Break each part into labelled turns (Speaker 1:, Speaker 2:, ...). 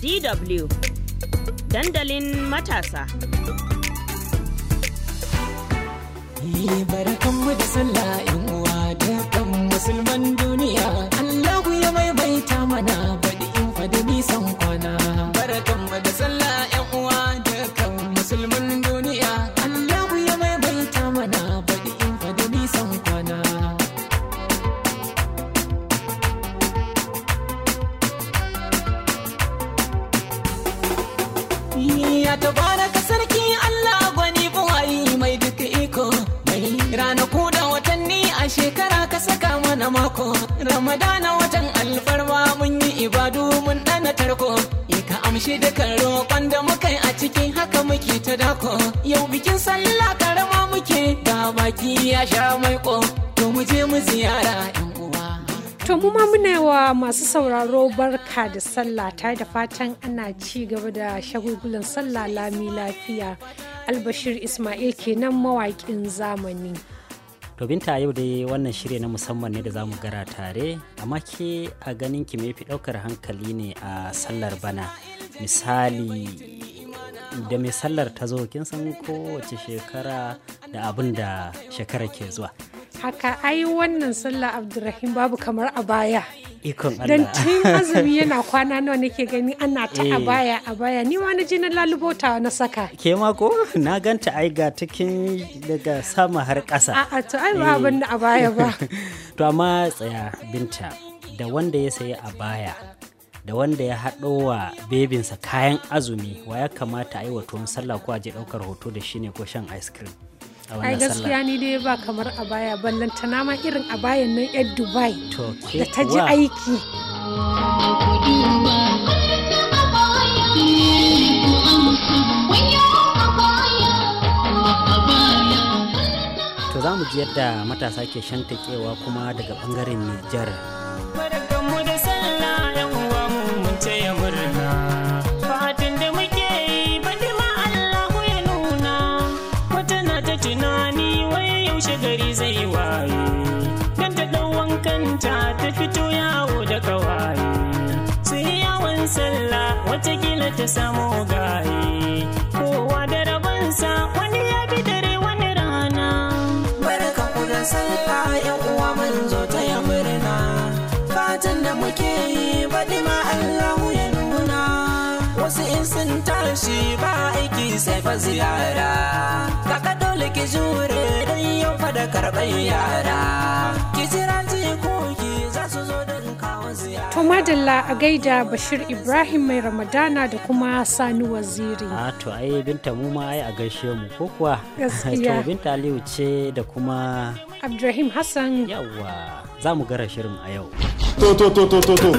Speaker 1: DW dandalin matasa.
Speaker 2: Barkanmu da sallah in uwa da musulman duniya. Allah ya maimaita mana baɗi in fadi nisan kwana. mako ramadana watan alfarma mun yi ibadu mun dana tarko ika ka amshi kan roƙon da muka a cikin haka muke ta dako yau bikin sallah karama muke ga baki ya sha ko to mu je mu ziyara yan uwa
Speaker 3: to mu ma muna wa masu sauraro barka da sallah ta da fatan ana ci gaba da shagulgulan sallah lami lafiya albashir ismail kenan mawaƙin zamani
Speaker 1: to binta yau dai wannan shirya na musamman ne da zamu gara tare amma ke a ganin ki mai fi daukar hankali ne a sallar bana misali da mai sallar ta zo kin san kowace shekara da abin da shekara ke zuwa
Speaker 3: haka ai wannan sallah abdurrahim babu kamar a baya
Speaker 1: Ikon Allah. Don tun azumi
Speaker 3: yana kwana nawa nake gani ana ta eh. a baya a baya ni wani ji na lalubota na saka.
Speaker 1: Ke ma ko na ganta ai ga cikin daga sama har ƙasa. A'a
Speaker 3: to ai ba abin da a baya ba.
Speaker 1: To amma tsaya binta da wanda ya sayi a baya da wanda ya haɗo wa bebinsa kayan azumi wa ya kamata a yi wa tuwon sallah ko a je ɗaukar hoto da shi ne ko shan ice cream. ai gaskiya
Speaker 3: ni dai ba kamar abaya tana ma irin abayan nan yar dubai
Speaker 1: da ta ji aiki to za mu ji yadda matasa ke shantakewa kuma daga bangaren nijar Wani ta samu gaye kowa da rabansa wani ya bi dare wani rana barka
Speaker 2: kuna sallah yan uwa manzo ta ya murna fatan da muke
Speaker 1: yi baɗi ma Allahu ya nuna wasu in sun tashi ba aiki sai fa ziyara kaka dole ki jure dan yau fa da karɓar yara
Speaker 3: To madalla a gaida Bashir Ibrahim mai Ramadana da kuma Sani Waziri. A
Speaker 1: to ai binta mu ma ai a gaishe mu ko kuwa? Gaskiya. To binta Aliyu ce da kuma
Speaker 3: Abdurrahim Hassan. Yawwa
Speaker 1: za mu gara shirin a yau. To to to to to to.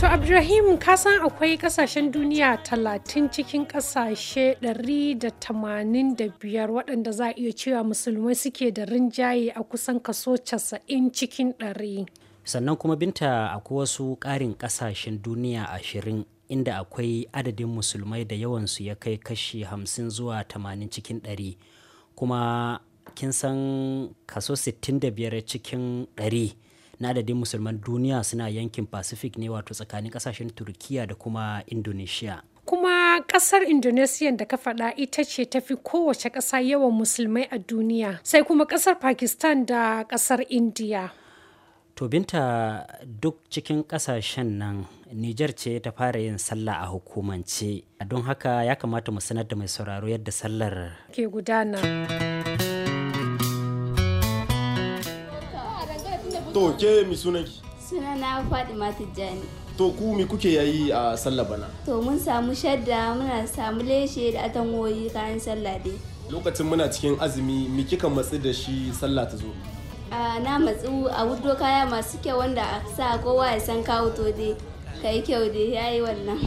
Speaker 3: To Abdurrahim ka san akwai kasashen duniya talatin cikin kasashe 185 waɗanda za a iya cewa musulmai suke da rinjaye a kusan kaso 90 cikin 100.
Speaker 1: sannan kuma binta akwai wasu ƙarin ƙasashen duniya ashirin inda akwai adadin musulmai da yawansu ya kai kashi hamsin zuwa tamanin cikin ɗari kuma kin san kaso 65 cikin ɗari na adadin musulman duniya suna yankin pacific ne wato tsakanin ƙasashen turkiya da kuma indonesia
Speaker 3: kuma kasar indonesia da ka faɗa ita ce tafi kowace ƙasa yawan musulmai a duniya sai kuma ƙasar pakistan da ƙasar india
Speaker 1: to binta duk cikin kasashen nan nijar ce ta fara yin sallah a hukumance don haka ya kamata mu sanar da mai sauraro yadda sallar
Speaker 3: ke gudana to ke mi na sunana
Speaker 1: fatima tijjani to ku mi kuke yayi a sallah bana to mun samu shadda muna samu leshe da atanwoyi kayan sallah dai lokacin muna cikin azumi mi kika matsi da shi sallah ta zo Ah, na matsu a wuddo kaya masu kyau wanda a sa kowa ya san kawo to dai ka yi kyau dai ya yi wannan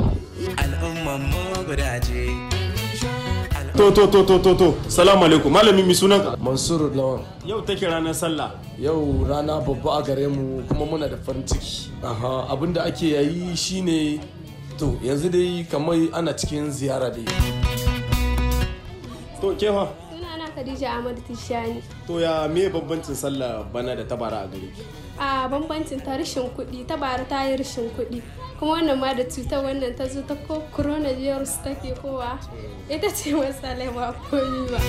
Speaker 1: al'umman mu gudaje
Speaker 2: to to to to to to salamu alaikum malami mi sunan mansur lawan
Speaker 1: yau take ranar sallah yau rana babba a gare mu kuma muna da farin ciki
Speaker 2: aha abinda ake yayi shine to yanzu dai kamar ana cikin ziyara dai
Speaker 1: to kefa
Speaker 3: Khadija Ahmad Tishani. To
Speaker 1: ya me bambancin sallah bana da tabara a ki?
Speaker 3: A bambancin ta rashin kuɗi, tabara ta yi rashin kuɗi. Kuma wannan ma da cutar wannan ta zo ta ko coronavirus take kowa. Ita ce matsala ba komi ba.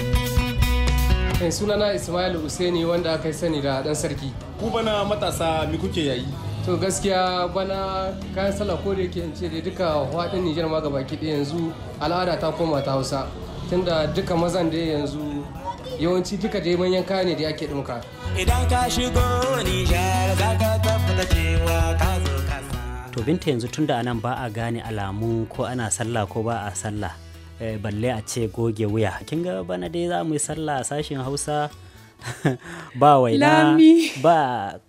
Speaker 2: Kai sunana Ismail Usaini wanda aka sani da dan sarki. Ku bana matasa mi kuke yayi? to gaskiya bana kayan sallah ko da yake in ce duka faɗin nijar ma gaba ɗaya yanzu al'ada ta koma ta hausa tunda duka mazan da yanzu yawanci duka dai manyan kaya ne da ake ɗinka. Idan ka shigo Nijar za ka da cewa ka zo
Speaker 1: kasa. To binta yanzu tun da anan ba a gane alamu ko ana sallah ko ba a sallah eh, balle a ce goge wuya. Kin ga bana dai za mu yi sallah a sashen Hausa ba waina ba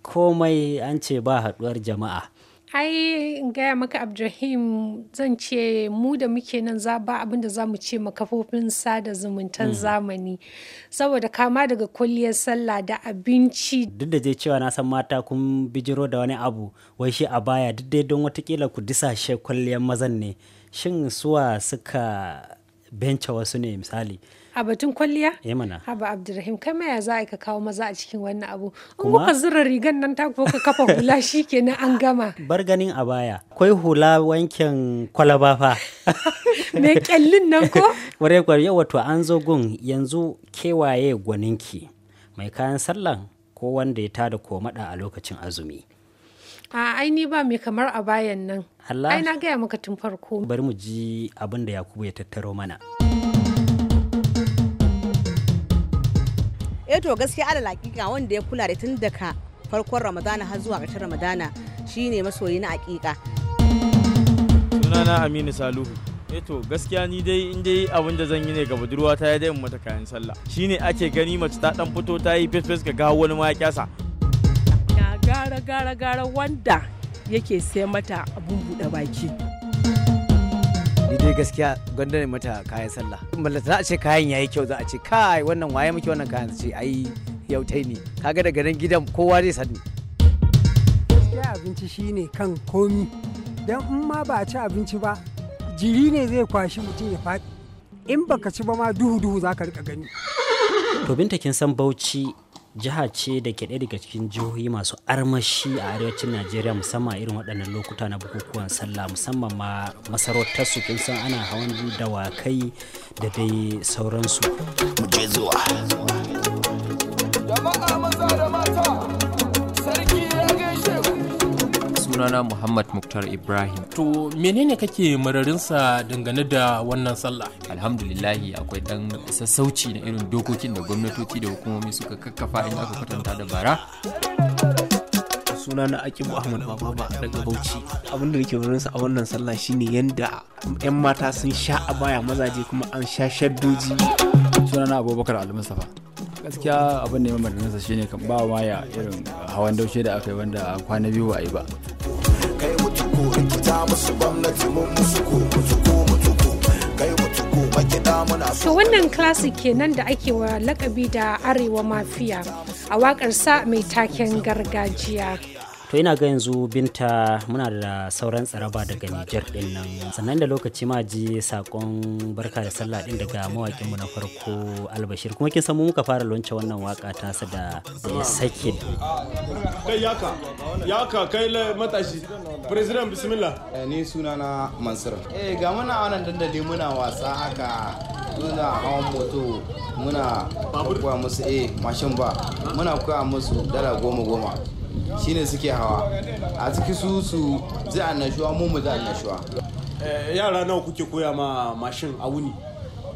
Speaker 1: komai an ce ba haɗuwar jama'a.
Speaker 3: Ai gaya maka abdulrahim zan ce mu da muke nan za ba abin da za mu ce makafofin sada zumuntan mhm. zamani saboda kama daga kwalliyar sallah da abinci.
Speaker 1: Duk da zai cewa na san mata kun bijiro da wani abu wai shi a baya duk dai don watakila ku disashe kwalliyar mazan ne shin suwa suka benca wasu ne misali.
Speaker 3: a batun kwalliya yamana eh haba abdurrahim kai ma ya za a kawo maza a cikin wannan abu in kuka zura rigan nan ta ka kafa hula shi shikenan an gama
Speaker 1: bar ganin a baya akwai hula wankin kwalaba fa
Speaker 3: me kyallin nan
Speaker 1: ko ware kware wato an zo gun yanzu kewaye gwaninki mai kayan sallan ko wanda ya tada maɗa a lokacin azumi
Speaker 3: a aini ba mai kamar a bayan nan ai na gaya maka tun farko
Speaker 1: bari mu ji abin da yakubu ya tattaro mana
Speaker 3: eh to gaskiya
Speaker 2: ala hakika wanda ya kula da tun daga farkon ramadana har zuwa ƙarshen ramadana shine masoyi na hakika sunana aminu saluhu eh to gaskiya ni dai in dai abin da zan yi ne ga budurwa ta ya dai mata kayan sallah shine ake gani mace ta dan fito ta yi fesfes ga gawo wani ma ya kyasa
Speaker 3: gara gara gara wanda yake sai mata abun buɗe baki
Speaker 1: ni dai gaskiya gwanda ne mata kayan sallah mallata za a ce kayan yayi kyau za a ce kai wannan waye muke wannan kayan ce ai yautai ne kaga daga nan gidan kowa zai sani gaskiya abinci shine kan komi dan in ma ba a ci abinci ba jiri ne zai kwashi mutum ya faɗi in baka ci ba ma duhu duhu za ka rika gani to binta kin san bauchi jiha ce da ke ɗaya daga cikin jihohi masu armashi a arewacin najeriya musamman irin waɗannan lokuta na bukukuwan sallah musamman ma masarautar su kin san ana hawan dawakai da dai sauransu
Speaker 2: jama'a maza da
Speaker 1: sunana Muhammad Muktar Ibrahim. To menene kake mararinsa dangane da wannan sallah?
Speaker 2: Alhamdulillahi akwai dan sassauci na irin dokokin da gwamnatoci da hukumomi suka kakkafa
Speaker 1: in aka kwatanta da bara. suna na Akin Muhammad bababa daga bauchi abin da nake sa a wannan sallah shine yanda 'yan mata sun sha a baya mazaje kuma an sha shaddoji suna na abubakar Ali mustafa gaskiya abin da ya shi shine kan ba waya irin hawan daushe da aka yi wanda kwana biyu ba a yi ba ta musu gwamnati mun musu ko mutuku mutuku
Speaker 2: kai mutuku makida muna
Speaker 3: so wannan classic kenan da ake wa lakabi da arewa mafiya a wakar sa mai taken gargajiya
Speaker 1: to ina ga yanzu binta muna da sauran tsaraba daga nijar din nan sannan da lokaci ma ji sakon barka da sallah din daga mawakin mu na farko albashir kuma kin san mu muka fara lonce wannan waka ta sa da sake kai yaka yaka kai la matashi president bismillah eh, ni sunana mansur eh ga muna anan da muna wasa haka muna hawan moto muna koya musu eh mashin ba muna koya musu dala goma goma shine suke hawa a ciki su su zai annashuwa mu mu zai annashuwa eh, yara nawa kuke koya ma mashin a wuni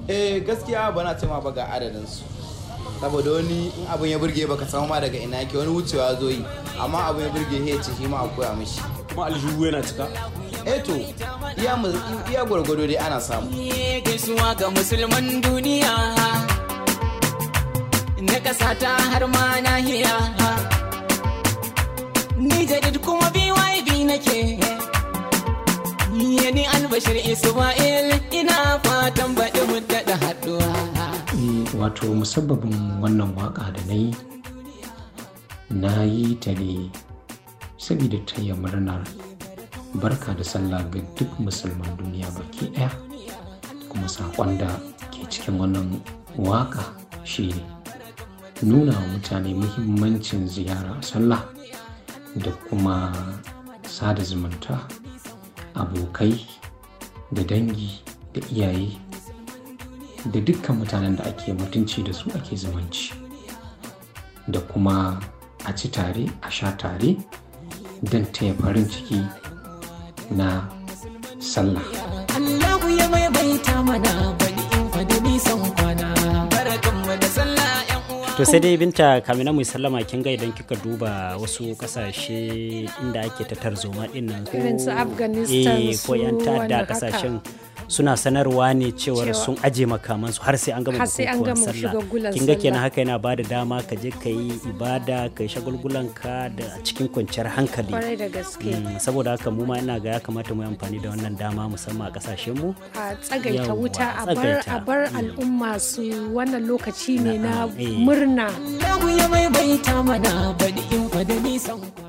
Speaker 1: eh gaskiya ba na cewa ba ga adadin su saboda wani in abin ya burge baka samu ma daga ina yake wani wucewa zo yi amma abin ya burge ya ce shi ma a koya mishi Kuma aljihu yana cika Eto, eh iya iya gwargwado dai ana samu
Speaker 2: gaisuwa ga musulman duniya na kasa ta har ma nahiya ni jadid kuma BYB nake ni albashir Isma'il ina fatan baɗi mu daɗa haɗuwa. Eh, wato musabbabin wannan waƙa da na yi, na yi ta ne saboda taya murnar barka da sallah ga duk musulman duniya baki ɗaya kuma saƙon da ke cikin wannan waƙa shi ne nuna mutane muhimmancin ziyara sallah da kuma sada zumunta abokai da dangi da iyaye da dukkan mutanen da ake mutunci da su ake zumunci da kuma a ci tare a sha tare don taya farin ciki
Speaker 1: na sallah.
Speaker 2: Allah ya maimaita mana.
Speaker 1: to sai dai binta kamina mu sallama kin ga idan kika duba wasu kasashe inda ake ta tarzoma din nan ko eh, ko yan ta'adda kasashen suna sanarwa ne cewa sun aje makamansu har sai an gama bukukuwan sallah kin ga kenan haka yana bada dama ka je ka yi ibada ka yi shagulgulan ka da cikin kwanciyar hankali
Speaker 3: mm,
Speaker 1: saboda haka mu ma ina ga ya kamata mu yi amfani da wannan dama musamman a kasashen mu
Speaker 3: a tsagaita wuta a bar mm. al'umma su wannan lokaci ne na eh. murna. mai baita mana in